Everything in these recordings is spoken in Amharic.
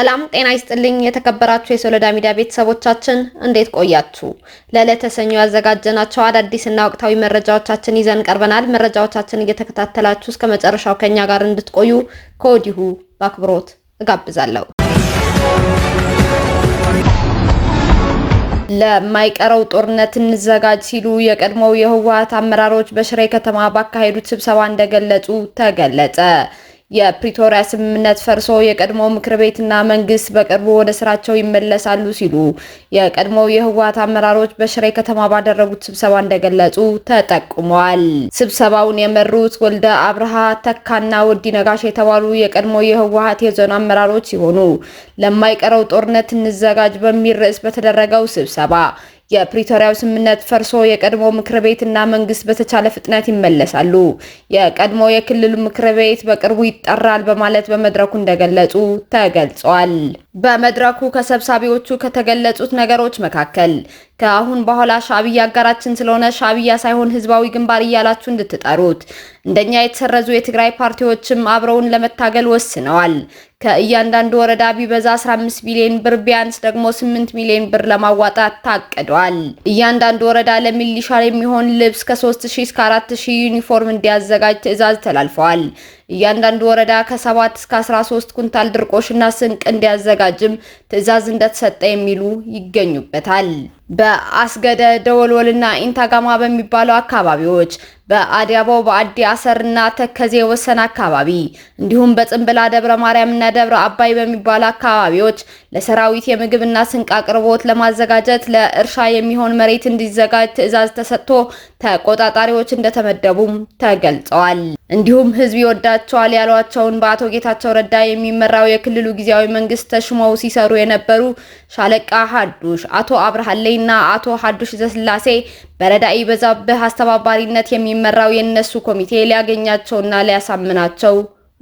ሰላም ጤና ይስጥልኝ የተከበራችሁ የሶሎዳ ሚዲያ ቤተሰቦቻችን እንዴት ቆያችሁ? ለዕለተ ሰኞ ያዘጋጀናቸው አዳዲስና ወቅታዊ መረጃዎቻችን ይዘን ቀርበናል። መረጃዎቻችን እየተከታተላችሁ እስከ መጨረሻው ከኛ ጋር እንድትቆዩ ከወዲሁ በአክብሮት እጋብዛለሁ። ለማይቀረው ጦርነት እንዘጋጅ ሲሉ የቀድሞው የህወሀት አመራሮች በሽሬ ከተማ ባካሄዱት ስብሰባ እንደገለጹ ተገለጸ። የፕሪቶሪያ ስምምነት ፈርሶ የቀድሞ ምክር ቤትና መንግስት በቅርቡ ወደ ስራቸው ይመለሳሉ ሲሉ የቀድሞ የህወሀት አመራሮች በሽሬ ከተማ ባደረጉት ስብሰባ እንደገለጹ ተጠቁመዋል። ስብሰባውን የመሩት ወልደ አብርሃ ተካና ወዲ ነጋሽ የተባሉ የቀድሞ የህወሀት የዞን አመራሮች ሲሆኑ ለማይቀረው ጦርነት እንዘጋጅ በሚል ርዕስ በተደረገው ስብሰባ የፕሪቶሪያው ስምምነት ፈርሶ የቀድሞ ምክር ቤትና መንግስት በተቻለ ፍጥነት ይመለሳሉ፣ የቀድሞ የክልሉ ምክር ቤት በቅርቡ ይጠራል በማለት በመድረኩ እንደገለጹ ተገልጿል። በመድረኩ ከሰብሳቢዎቹ ከተገለጹት ነገሮች መካከል ከአሁን በኋላ ሻዕቢያ አጋራችን ስለሆነ ሻዕቢያ ሳይሆን ህዝባዊ ግንባር እያላችሁ እንድትጠሩት፣ እንደኛ የተሰረዙ የትግራይ ፓርቲዎችም አብረውን ለመታገል ወስነዋል። ከእያንዳንዱ ወረዳ ቢበዛ 15 ሚሊዮን ብር ቢያንስ ደግሞ 8 ሚሊዮን ብር ለማዋጣት ታቅዷል። እያንዳንዱ ወረዳ ለሚሊሻ የሚሆን ልብስ ከ3000 እስከ 4000 ዩኒፎርም እንዲያዘጋጅ ትዕዛዝ ተላልፈዋል። እያንዳንዱ ወረዳ ከ7 እስከ 13 ኩንታል ድርቆሽና ስንቅ እንዲያዘጋጅም ትዕዛዝ እንደተሰጠ የሚሉ ይገኙበታል። በአስገደ ደወልወልና ኢንታጋማ በሚባሉ አካባቢዎች በአዲያቦ በአዲ አሰርና ተከዜ ወሰን አካባቢ እንዲሁም በጽንብላ ደብረ ማርያምና ደብረ አባይ በሚባሉ አካባቢዎች ለሰራዊት የምግብና ስንቅ አቅርቦት ለማዘጋጀት ለእርሻ የሚሆን መሬት እንዲዘጋጅ ትዕዛዝ ተሰጥቶ ተቆጣጣሪዎች እንደተመደቡም ተገልጸዋል። እንዲሁም ህዝብ ይወዳቸዋል ያሏቸውን በአቶ ጌታቸው ረዳ የሚመራው የክልሉ ጊዜያዊ መንግስት ተሹመው ሲሰሩ የነበሩ ሻለቃ ሀዱሽ አቶ አብርሃለይ ና አቶ ሀዱሽ ዘስላሴ በረዳኢ በዛብህ አስተባባሪነት የሚመራው የእነሱ ኮሚቴ ሊያገኛቸውና ሊያሳምናቸው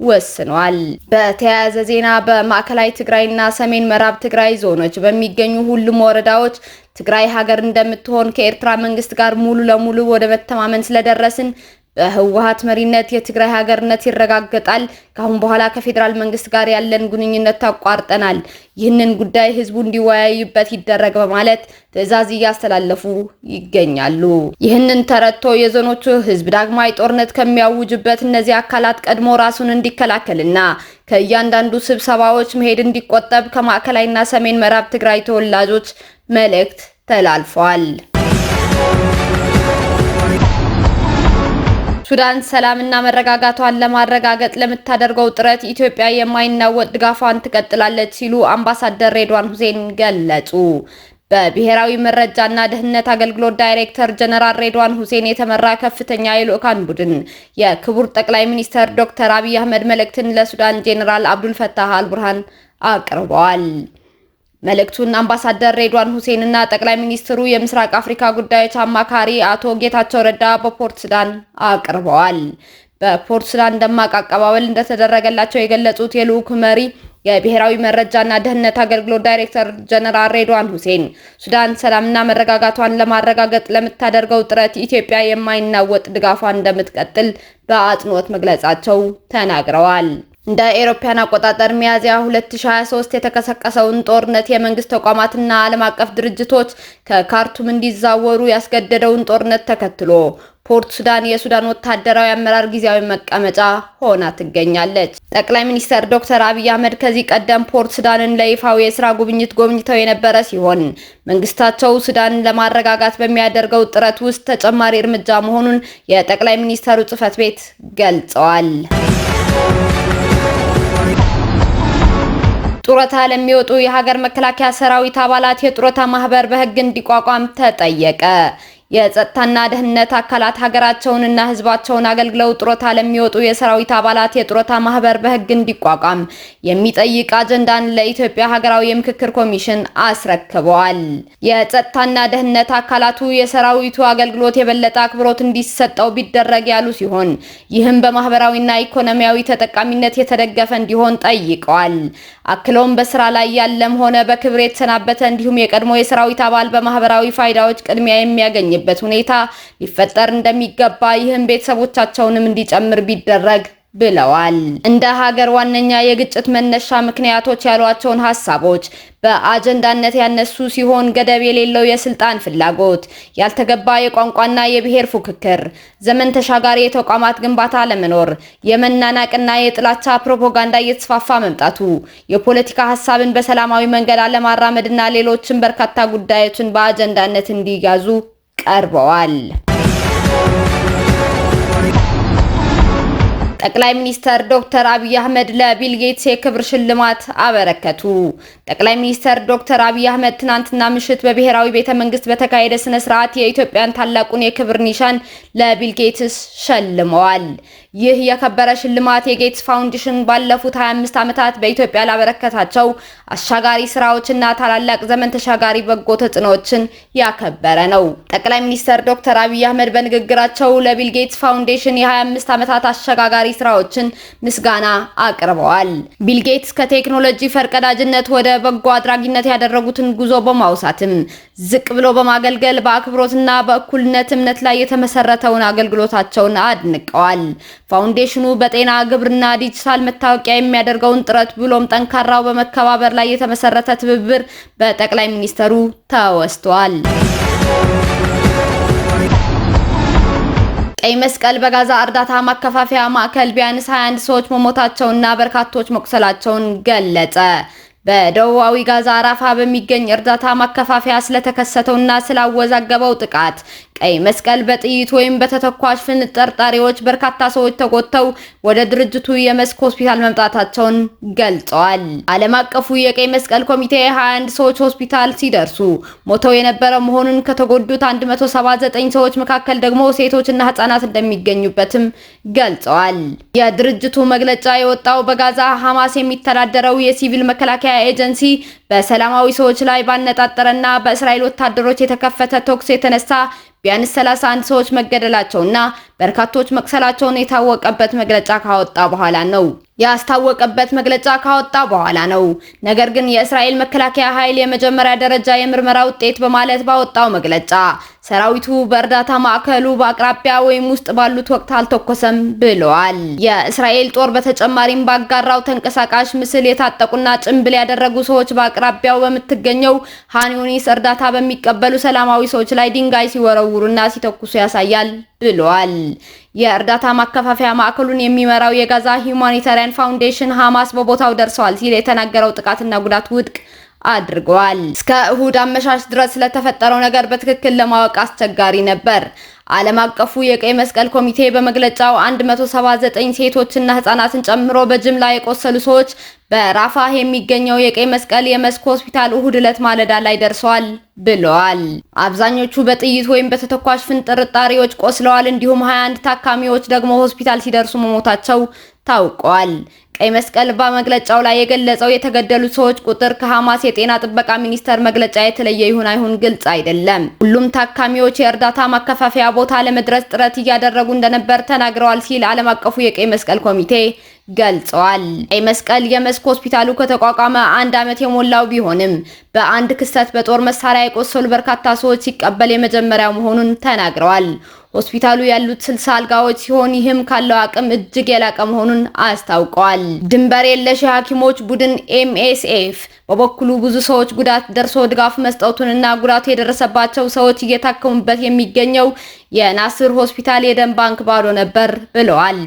ወስኗል። በተያያዘ ዜና በማዕከላዊ ትግራይና ሰሜን ምዕራብ ትግራይ ዞኖች በሚገኙ ሁሉም ወረዳዎች ትግራይ ሀገር እንደምትሆን ከኤርትራ መንግስት ጋር ሙሉ ለሙሉ ወደ መተማመን ስለደረስን በህወሀት መሪነት የትግራይ ሀገርነት ይረጋገጣል። ከአሁን በኋላ ከፌዴራል መንግስት ጋር ያለን ግንኙነት ታቋርጠናል። ይህንን ጉዳይ ህዝቡ እንዲወያዩበት ይደረግ በማለት ትዕዛዝ እያስተላለፉ ይገኛሉ። ይህንን ተረድቶ የዞኖቹ ህዝብ ዳግማዊ ጦርነት ከሚያውጅበት እነዚህ አካላት ቀድሞ ራሱን እንዲከላከልና ከእያንዳንዱ ስብሰባዎች መሄድ እንዲቆጠብ ከማዕከላዊና ሰሜን ምዕራብ ትግራይ ተወላጆች መልእክት ተላልፏል። ሱዳን ሰላምና መረጋጋቷን ለማረጋገጥ ለምታደርገው ጥረት ኢትዮጵያ የማይናወጥ ድጋፏን ትቀጥላለች ሲሉ አምባሳደር ሬድዋን ሁሴን ገለጹ። በብሔራዊ መረጃና ደህንነት አገልግሎት ዳይሬክተር ጀነራል ሬድዋን ሁሴን የተመራ ከፍተኛ የልዑካን ቡድን የክቡር ጠቅላይ ሚኒስትር ዶክተር አብይ አህመድ መልእክትን ለሱዳን ጄኔራል አብዱልፈታህ አልቡርሃን አቅርበዋል። መልእክቱን አምባሳደር ሬድዋን ሁሴን እና ጠቅላይ ሚኒስትሩ የምስራቅ አፍሪካ ጉዳዮች አማካሪ አቶ ጌታቸው ረዳ በፖርት ሱዳን አቅርበዋል። በፖርት ሱዳን ደማቅ አቀባበል እንደተደረገላቸው የገለጹት የልዑክ መሪ የብሔራዊ መረጃና ደህንነት አገልግሎት ዳይሬክተር ጀነራል ሬድዋን ሁሴን ሱዳን ሰላምና መረጋጋቷን ለማረጋገጥ ለምታደርገው ጥረት ኢትዮጵያ የማይናወጥ ድጋፏን እንደምትቀጥል በአጽንኦት መግለጻቸው ተናግረዋል። እንደ አውሮፓውያን አቆጣጠር ሚያዝያ 2023 የተቀሰቀሰውን ጦርነት የመንግስት ተቋማትና ዓለም አቀፍ ድርጅቶች ከካርቱም እንዲዛወሩ ያስገደደውን ጦርነት ተከትሎ ፖርት ሱዳን የሱዳን ወታደራዊ አመራር ጊዜያዊ መቀመጫ ሆና ትገኛለች። ጠቅላይ ሚኒስትር ዶክተር አብይ አህመድ ከዚህ ቀደም ፖርት ሱዳንን ለይፋው የስራ ጉብኝት ጎብኝተው የነበረ ሲሆን መንግስታቸው ሱዳንን ለማረጋጋት በሚያደርገው ጥረት ውስጥ ተጨማሪ እርምጃ መሆኑን የጠቅላይ ሚኒስትሩ ጽህፈት ቤት ገልጸዋል። ጡረታ ለሚወጡ የሀገር መከላከያ ሰራዊት አባላት የጡረታ ማህበር በህግ እንዲቋቋም ተጠየቀ። የጸጥታና ደህንነት አካላት ሀገራቸውንና ህዝባቸውን አገልግለው ጡረታ ለሚወጡ የሰራዊት አባላት የጡረታ ማህበር በህግ እንዲቋቋም የሚጠይቅ አጀንዳን ለኢትዮጵያ ሀገራዊ የምክክር ኮሚሽን አስረክበዋል። የጸጥታና ደህንነት አካላቱ የሰራዊቱ አገልግሎት የበለጠ አክብሮት እንዲሰጠው ቢደረግ ያሉ ሲሆን ይህም በማህበራዊና ኢኮኖሚያዊ ተጠቃሚነት የተደገፈ እንዲሆን ጠይቀዋል። አክለውም በስራ ላይ ያለም ሆነ በክብር የተሰናበተ እንዲሁም የቀድሞ የሰራዊት አባል በማህበራዊ ፋይዳዎች ቅድሚያ የሚያገኝ የሚገኝበት ሁኔታ ሊፈጠር እንደሚገባ ይህም ቤተሰቦቻቸውንም እንዲጨምር ቢደረግ ብለዋል። እንደ ሀገር ዋነኛ የግጭት መነሻ ምክንያቶች ያሏቸውን ሀሳቦች በአጀንዳነት ያነሱ ሲሆን ገደብ የሌለው የስልጣን ፍላጎት፣ ያልተገባ የቋንቋና የብሔር ፉክክር፣ ዘመን ተሻጋሪ የተቋማት ግንባታ ለመኖር፣ የመናናቅና የጥላቻ ፕሮፓጋንዳ እየተስፋፋ መምጣቱ፣ የፖለቲካ ሀሳብን በሰላማዊ መንገድ አለማራመድና ሌሎችን በርካታ ጉዳዮችን በአጀንዳነት እንዲያዙ ቀርበዋል። ጠቅላይ ሚኒስተር ዶክተር አብይ አህመድ ለቢል ጌትስ የክብር ሽልማት አበረከቱ። ጠቅላይ ሚኒስተር ዶክተር አብይ አህመድ ትናንትና ምሽት በብሔራዊ ቤተ መንግስት በተካሄደ ስነ ስርዓት የኢትዮጵያን ታላቁን የክብር ኒሻን ለቢል ጌትስ ሸልመዋል። ይህ የከበረ ሽልማት የጌትስ ፋውንዴሽን ባለፉት 25 ዓመታት በኢትዮጵያ ላበረከታቸው አሻጋሪ ስራዎችና ታላላቅ ዘመን ተሻጋሪ በጎ ተጽዕኖዎችን ያከበረ ነው። ጠቅላይ ሚኒስትር ዶክተር አብይ አህመድ በንግግራቸው ለቢል ጌትስ ፋውንዴሽን የ25 ዓመታት አሸጋጋሪ ስራዎችን ምስጋና አቅርበዋል። ቢል ጌትስ ከቴክኖሎጂ ፈርቀዳጅነት ወደ በጎ አድራጊነት ያደረጉትን ጉዞ በማውሳትም ዝቅ ብሎ በማገልገል በአክብሮትና በእኩልነት እምነት ላይ የተመሰረተውን አገልግሎታቸውን አድንቀዋል። ፋውንዴሽኑ በጤና ግብርና፣ ዲጂታል መታወቂያ የሚያደርገውን ጥረት ብሎም ጠንካራው በመከባበር ላይ የተመሰረተ ትብብር በጠቅላይ ሚኒስትሩ ተወስቷል። ቀይ መስቀል በጋዛ እርዳታ ማከፋፈያ ማዕከል ቢያንስ 21 ሰዎች መሞታቸውና በርካቶች መቁሰላቸውን ገለጸ። በደቡባዊ ጋዛ ራፋ በሚገኝ እርዳታ ማከፋፈያ ስለተከሰተውና ስላወዛገበው ጥቃት ቀይ መስቀል በጥይት ወይም በተተኳሽ ፍንጠርጣሪዎች በርካታ ሰዎች ተጎድተው ወደ ድርጅቱ የመስክ ሆስፒታል መምጣታቸውን ገልጸዋል። ዓለም አቀፉ የቀይ መስቀል ኮሚቴ 21 ሰዎች ሆስፒታል ሲደርሱ ሞተው የነበረ መሆኑን ከተጎዱት 179 ሰዎች መካከል ደግሞ ሴቶችና ህጻናት እንደሚገኙበትም ገልጸዋል። የድርጅቱ መግለጫ የወጣው በጋዛ ሐማስ የሚተዳደረው የሲቪል መከላከያ ኤጀንሲ በሰላማዊ ሰዎች ላይ ባነጣጠረና በእስራኤል ወታደሮች የተከፈተ ተኩስ የተነሳ ቢያንስ 31 ሰዎች መገደላቸውና በርካቶች መቅሰላቸውን የታወቀበት መግለጫ ካወጣ በኋላ ነው ያስታወቀበት መግለጫ ካወጣ በኋላ ነው። ነገር ግን የእስራኤል መከላከያ ኃይል የመጀመሪያ ደረጃ የምርመራ ውጤት በማለት ባወጣው መግለጫ ሰራዊቱ በእርዳታ ማዕከሉ በአቅራቢያ ወይም ውስጥ ባሉት ወቅት አልተኮሰም ብለዋል። የእስራኤል ጦር በተጨማሪም ባጋራው ተንቀሳቃሽ ምስል የታጠቁና ጭንብል ያደረጉ ሰዎች በአቅራቢያው በምትገኘው ሃኒዮኒስ እርዳታ በሚቀበሉ ሰላማዊ ሰዎች ላይ ድንጋይ ሲወረውሩና ሲተኩሱ ያሳያል ብለዋል። የእርዳታ ማከፋፈያ ማዕከሉን የሚመራው የጋዛ ሂውማኒታሪያን ፋውንዴሽን ሐማስ በቦታው ደርሰዋል ሲል የተናገረው ጥቃትና ጉዳት ውድቅ አድርጓል። እስከ እሁድ አመሻሽ ድረስ ስለተፈጠረው ነገር በትክክል ለማወቅ አስቸጋሪ ነበር። ዓለም አቀፉ የቀይ መስቀል ኮሚቴ በመግለጫው 179 ሴቶችና ህጻናትን ጨምሮ በጅምላ የቆሰሉ ሰዎች በራፋህ የሚገኘው የቀይ መስቀል የመስክ ሆስፒታል እሁድ ዕለት ማለዳ ላይ ደርሰዋል ብለዋል። አብዛኞቹ በጥይት ወይም በተተኳሽ ፍንጥርጣሪዎች ቆስለዋል። እንዲሁም 21 ታካሚዎች ደግሞ ሆስፒታል ሲደርሱ መሞታቸው ታውቋል። ቀይ መስቀል በመግለጫው ላይ የገለጸው የተገደሉ ሰዎች ቁጥር ከሐማስ የጤና ጥበቃ ሚኒስቴር መግለጫ የተለየ ይሁን አይሁን ግልጽ አይደለም። ሁሉም ታካሚዎች የእርዳታ ማከፋፈያ ቦታ ለመድረስ ጥረት እያደረጉ እንደነበር ተናግረዋል ሲል ዓለም አቀፉ የቀይ መስቀል ኮሚቴ ገልጸዋል። ቀይ መስቀል የመስክ ሆስፒታሉ ከተቋቋመ አንድ ዓመት የሞላው ቢሆንም በአንድ ክስተት በጦር መሳሪያ የቆሰሉ በርካታ ሰዎች ሲቀበል የመጀመሪያው መሆኑን ተናግረዋል። ሆስፒታሉ ያሉት ስልሳ አልጋዎች ሲሆን ይህም ካለው አቅም እጅግ የላቀ መሆኑን አስታውቀዋል። ድንበር የለሽ የሐኪሞች ቡድን ኤምኤስኤፍ በበኩሉ ብዙ ሰዎች ጉዳት ደርሶ ድጋፍ መስጠቱንና ጉዳቱ የደረሰባቸው ሰዎች እየታከሙበት የሚገኘው የናስር ሆስፒታል የደም ባንክ ባዶ ነበር ብለዋል።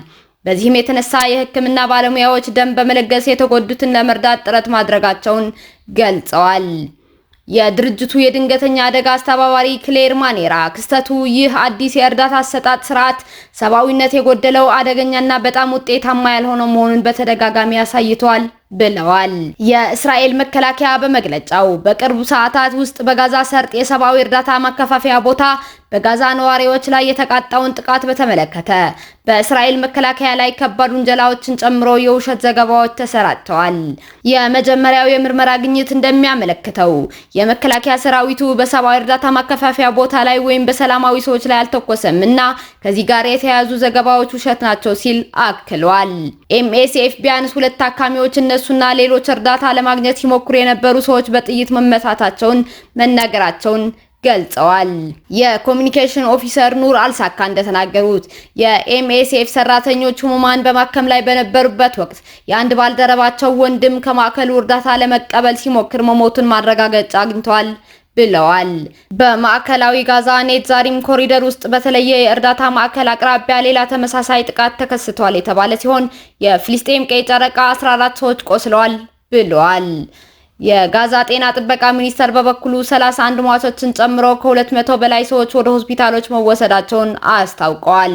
በዚህም የተነሳ የሕክምና ባለሙያዎች ደም በመለገስ የተጎዱትን ለመርዳት ጥረት ማድረጋቸውን ገልጸዋል። የድርጅቱ የድንገተኛ አደጋ አስተባባሪ ክሌር ማኔራ ክስተቱ ይህ አዲስ የእርዳታ አሰጣጥ ስርዓት ሰብአዊነት የጎደለው አደገኛና በጣም ውጤታማ ያልሆነው መሆኑን በተደጋጋሚ አሳይቷል ብለዋል። የእስራኤል መከላከያ በመግለጫው በቅርቡ ሰዓታት ውስጥ በጋዛ ሰርጥ የሰብአዊ እርዳታ ማከፋፈያ ቦታ በጋዛ ነዋሪዎች ላይ የተቃጣውን ጥቃት በተመለከተ በእስራኤል መከላከያ ላይ ከባድ ውንጀላዎችን ጨምሮ የውሸት ዘገባዎች ተሰራጭተዋል። የመጀመሪያው የምርመራ ግኝት እንደሚያመለክተው የመከላከያ ሰራዊቱ በሰብአዊ እርዳታ ማከፋፈያ ቦታ ላይ ወይም በሰላማዊ ሰዎች ላይ አልተኮሰም እና ከዚህ ጋር የተያያዙ ዘገባዎች ውሸት ናቸው ሲል አክሏል። ኤምኤስኤፍ ቢያንስ ሁለት ታካሚዎች እነሱ እነሱና ሌሎች እርዳታ ለማግኘት ሲሞክሩ የነበሩ ሰዎች በጥይት መመታታቸውን መናገራቸውን ገልጸዋል። የኮሚኒኬሽን ኦፊሰር ኑር አልሳካ እንደተናገሩት የኤምኤስኤፍ ሰራተኞች ህሙማን በማከም ላይ በነበሩበት ወቅት የአንድ ባልደረባቸው ወንድም ከማዕከሉ እርዳታ ለመቀበል ሲሞክር መሞቱን ማረጋገጫ አግኝተዋል። ብለዋል። በማዕከላዊ ጋዛ ኔት ዛሪም ኮሪደር ውስጥ በተለየ የእርዳታ ማዕከል አቅራቢያ ሌላ ተመሳሳይ ጥቃት ተከስቷል የተባለ ሲሆን የፍልስጤም ቀይ ጨረቃ 14 ሰዎች ቆስለዋል ብለዋል። የጋዛ ጤና ጥበቃ ሚኒስቴር በበኩሉ 31 ሟቾችን ጨምሮ ከ200 በላይ ሰዎች ወደ ሆስፒታሎች መወሰዳቸውን አስታውቀዋል።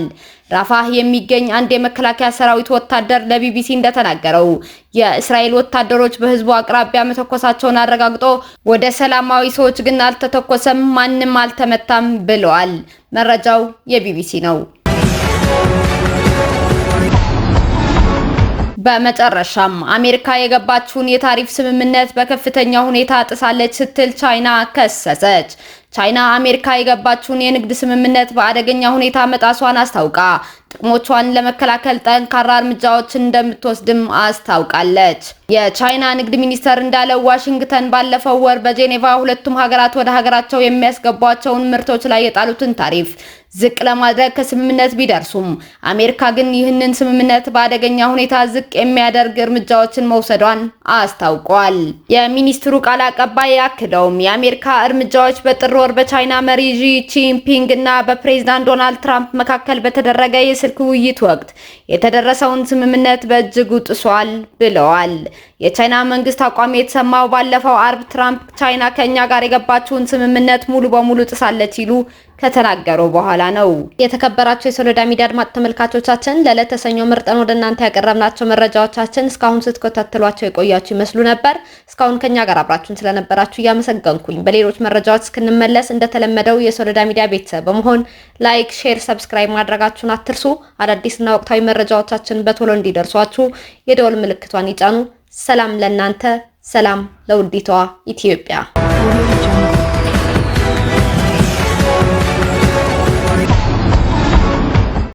ራፋህ የሚገኝ አንድ የመከላከያ ሰራዊት ወታደር ለቢቢሲ እንደተናገረው የእስራኤል ወታደሮች በህዝቡ አቅራቢያ መተኮሳቸውን አረጋግጦ ወደ ሰላማዊ ሰዎች ግን አልተተኮሰም፣ ማንም አልተመታም ብለዋል። መረጃው የቢቢሲ ነው። በመጨረሻም አሜሪካ የገባችውን የታሪፍ ስምምነት በከፍተኛ ሁኔታ ጥሳለች ስትል ቻይና ከሰሰች። ቻይና አሜሪካ የገባችውን የንግድ ስምምነት በአደገኛ ሁኔታ መጣሷን አስታውቃ ጥቅሞቿን ለመከላከል ጠንካራ እርምጃዎችን እንደምትወስድም አስታውቃለች። የቻይና ንግድ ሚኒስቴር እንዳለው ዋሽንግተን ባለፈው ወር በጄኔቫ ሁለቱም ሀገራት ወደ ሀገራቸው የሚያስገቧቸውን ምርቶች ላይ የጣሉትን ታሪፍ ዝቅ ለማድረግ ከስምምነት ቢደርሱም አሜሪካ ግን ይህንን ስምምነት በአደገኛ ሁኔታ ዝቅ የሚያደርግ እርምጃዎችን መውሰዷን አስታውቋል። የሚኒስትሩ ቃል አቀባይ ያክለውም የአሜሪካ እርምጃዎች በጥር ወር በቻይና መሪ ጂ ቺንፒንግ እና በፕሬዚዳንት ዶናልድ ትራምፕ መካከል በተደረገ የስልክ ውይይት ወቅት የተደረሰውን ስምምነት በእጅጉ ጥሷል ብለዋል። የቻይና መንግስት አቋም የተሰማው ባለፈው አርብ ትራምፕ ቻይና ከኛ ጋር የገባችውን ስምምነት ሙሉ በሙሉ ጥሳለች ሲሉ ከተናገሩ በኋላ ነው። የተከበራቸው የሶሎዳ ሚዲያ አድማጭ ተመልካቾቻችን ለዕለተ ሰኞ መርጠን ወደ እናንተ ያቀረብናቸው መረጃዎቻችን እስካሁን ስትከታተሏቸው የቆያችሁ ይመስሉ ነበር። እስካሁን ከኛ ጋር አብራችሁን ስለነበራችሁ እያመሰገንኩኝ በሌሎች መረጃዎች እስክንመለስ እንደተለመደው የሶሎዳ ሚዲያ ቤተሰብ በመሆን ላይክ፣ ሼር፣ ሰብስክራይብ ማድረጋችሁን አትርሱ። አዳዲስና ወቅታዊ መረጃዎቻችን በቶሎ እንዲደርሷችሁ የደወል ምልክቷን ይጫኑ። ሰላም ለእናንተ፣ ሰላም ለውዲቷ ኢትዮጵያ።